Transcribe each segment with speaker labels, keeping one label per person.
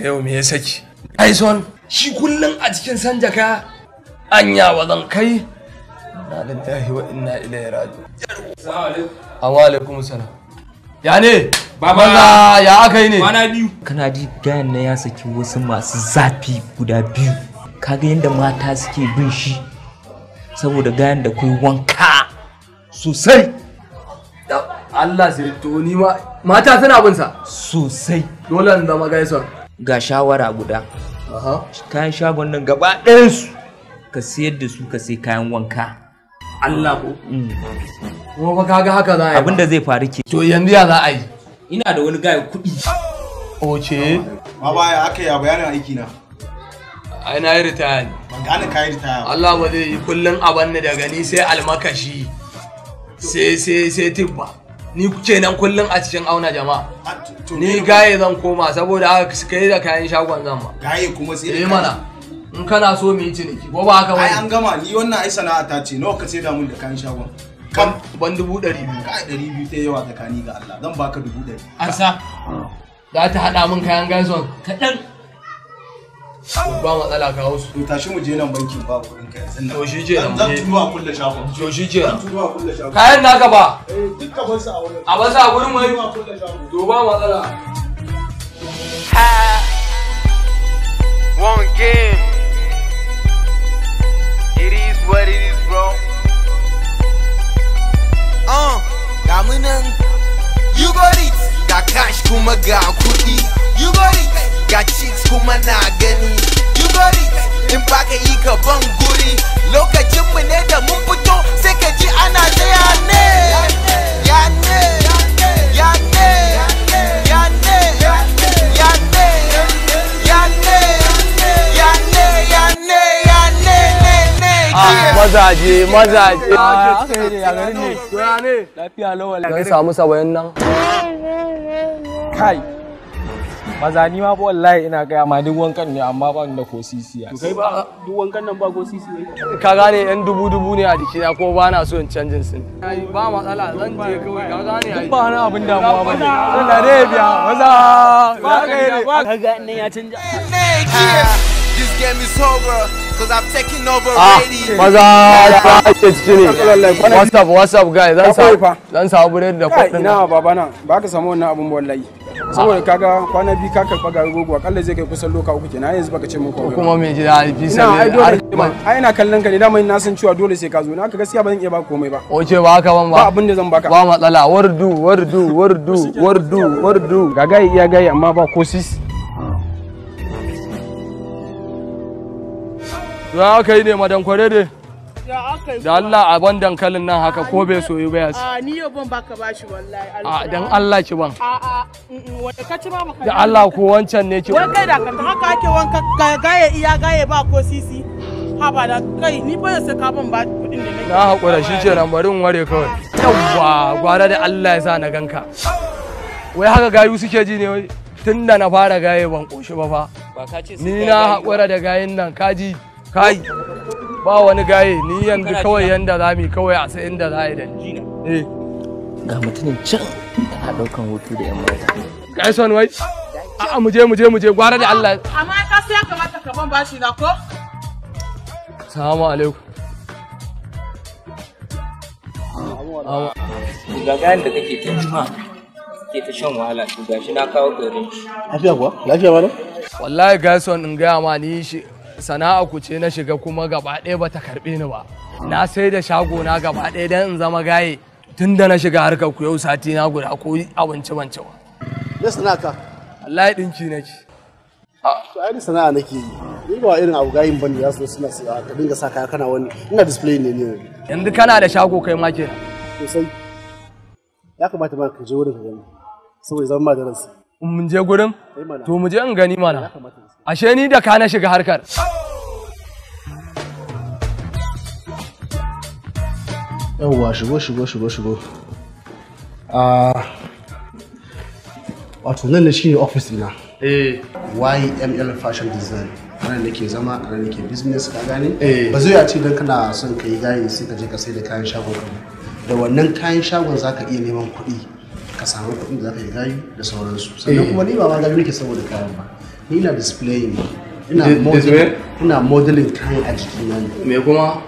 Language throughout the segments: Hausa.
Speaker 1: yau me ya saki aison shi kullum a cikin san jaka anya wa kai na lillahi wa inna ilaihi raji assalamu alaikum salam ya ne baba ya aka yi ne kwana biyu kana ji gayan na ya saki wasu masu zafi guda biyu kaga yadda mata suke bin shi saboda gayan da kai wanka sosai Allah sirito ni ma mata suna bin sa sosai dole in zama gaison ga shawara guda kayan shagon nan gaba ɗayansu ka siyar da su ka sai kayan wanka Allah ko mm. kuma fa kaga haka za a yi abinda zai faru ke to yanzu ya za a yi ina da wani gaya kuɗi oce ma ya aka yi a
Speaker 2: bayanin aiki na
Speaker 1: ai na yi ritaya ne ban gane ka yi ritaya Allah ba zai yi kullun abanni daga ni sai almakashi sai sai sai tibba ni kenan kullum a cikin auna jama'a ah, ni gaye zan koma saboda haka kai da kayan shagon zan ma gaye kuma sai da eh, mana in kana so mu yi ciniki ko ba haka ba ai an gama ni wannan ai sana'a ta ce nawa ka sai da mun da kayan shagon kan ban dubu ɗari biyu kai ɗari biyu ta yawa tsakani ga Allah zan baka dubu ɗari an sa ah. za ta haɗa min kayan gaison kaɗan ba matsala ka hausu to tashi mu je nan bankin ba kuɗin ka yanzu to shi je nan zan tuba kullu shago to shi je nan
Speaker 2: kayan naka ba eh,
Speaker 1: su a wurin a bar su a gurin mai to ba
Speaker 2: one game it is what it is mazaje mazaje ah, ah,
Speaker 1: a ne ne lafiya lawa samu sabayin nan kai maza ni ma wallahi ina gaya ma duk wankan ne amma ban da ko sisi ya kai ba
Speaker 2: duk wankan nan ba ko sisiya ka gane
Speaker 1: yan dubu dubu ne a na ko ba na so in canjin su ba matsala zan je kawai ka gane ai ba na abin damuwa ba ne da ne biya maza ba ka ne ka gane
Speaker 2: ya canja Just get me sober Cause I've taken over already. Ah, maza ta ake What's up, what's up guys? Zan
Speaker 1: sa zan da kuɗin. baba na, ba Saboda kaga kwana biyu ka karɓa garin rogo zai kai kusan loka uku kenan yanzu baka ce Kuma me ji da alfi sai. Ai ina kallon ka ne dama na san cewa dole sai ka zo. Na ka gaskiya ba zan iya ba komai ba. Oce ba haka ban ba. Ba abin da zan baka. Ba matsala. Wardu, wardu, wardu, wardu, wardu. Ga gai iya gai amma ba ko sisi. Ya aka yi ne madan kware dai? Da Allah a ban dankalin nan haka ko bai soyi ba yasi. A ni yau ban baka bashi wallahi. A dan Allah ki ban. Mm, mm, wanda ka ci ba maka. Da Allah ko wancan ne ki. Wai kai da ka haka ake wanka ga gaye iya gaye ba ko sisi. Ha ba da kai ni ba sai ka ban ba kudin da Na hakura shi ce nan barin ware kawai. yawa gwara da Allah ya sa na ganka. Wai haka gayu suke ji ne wai. tunda na fara gaye ban koshi ba fa. Ni na hakura da gayin nan kaji. kai ba wani gaye ni yanzu kawai yanda za mu kawai a sai inda za a yi da eh ga mutumin can a daukan hutu da yan mata kai son wai a'a mu je mu je mu je gwara da Allah amma ka sai kamata ka ban bashi na ko assalamu alaikum ga gayan da kake ta jima ke ta shan wahala to gashi na kawo garin shi
Speaker 2: lafiya kuwa lafiya ba
Speaker 1: wallahi gason in gaya ma ni shi sana'a ku ce na shiga kuma gaba ɗaya ba ta karɓe ni ba na sai da shago na gaba ɗaya don in zama gaye tun da na shiga harkar ku yau sati na guda ko abinci ban ci ba
Speaker 2: me sana'ata wallahi dinki nake ah, to ai sana'a nake yi ni ba irin abu gayin ban da yasu suna siya ka dinga sa kaya kana wani ina display ne ne yanzu kana da shago kai ma ke sosai ya kamata ma ka je wurin ka gani saboda zama madarasa.
Speaker 1: mun je gurin to mu je in gani mana ashe ni da ka na shiga harkar
Speaker 2: yawwa shigo shigo shigo shigo a ah, wato nan ne shine office dina eh YML fashion design anan nake zama anan nake business ka gane eh. ba zai a ce dan kana son kai gayi sai ka je ka sai da kayan shagon ka da wannan kayan shagon zaka iya neman kuɗi ka samu kuɗin da za ka yi gayu da sauransu eh. sannan kuma ni ba ma gayu nake saboda kayan ba ni na display ne ina modeling kayan a jikina ne me kuma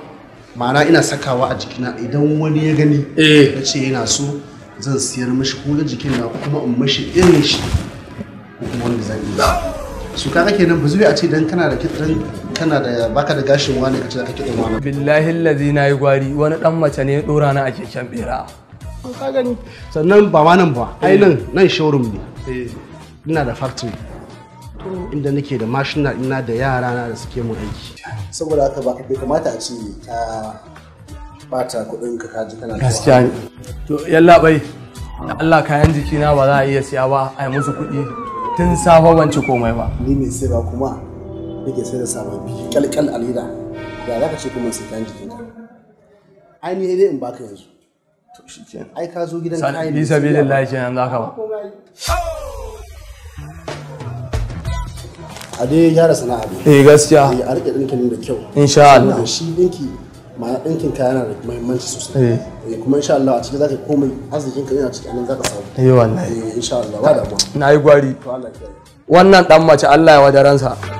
Speaker 2: ma'ana ina sakawa a jikina idan wani ya gani eh. ya ce yana so zan siyar mashi ko na jikin na kuma in mashi irin shi ko kuma wanda zan yi su kaga kenan ba zuwa a ce dan kana da kitran kana da baka da gashin wani kace ka kitan wani
Speaker 1: billahi allazi nayi gwari wani dan mace ne ya dora na a keken bera
Speaker 2: ka gani sannan ba ma nan ba ai nan eh. nan showroom ne eh. ina da factory inda nake da mashina ina da yara na da suke mun aiki saboda haka ba bai kamata a ce ka bata kuɗin ka kaji kana gaskiya ne to yalla bai
Speaker 1: Allah kayan jikina ba za a iya siya ba a yi musu kuɗi
Speaker 2: tun safa ban komai ba ni mai sai ba kuma nake sai da sababbi kalkal alida da za ka ce kuma sai kayan jikinka ai ni dai in baka yanzu to shi ke ai ka zo gidan kayan bisa bilin lafi
Speaker 1: nan za ka ba
Speaker 2: a dai gyara sana'a ne eh gaskiya eh, a rike dinkin da kyau insha Allah shi dinki ma dinkin ka yana da muhimmanci sosai eh, eh kuma insha Allah a cikin zaka komai arzikin ka yana cikin nan zaka samu eh wallahi eh insha Allah ba da
Speaker 1: na yi gwari wannan dan mace Allah ya wadaransa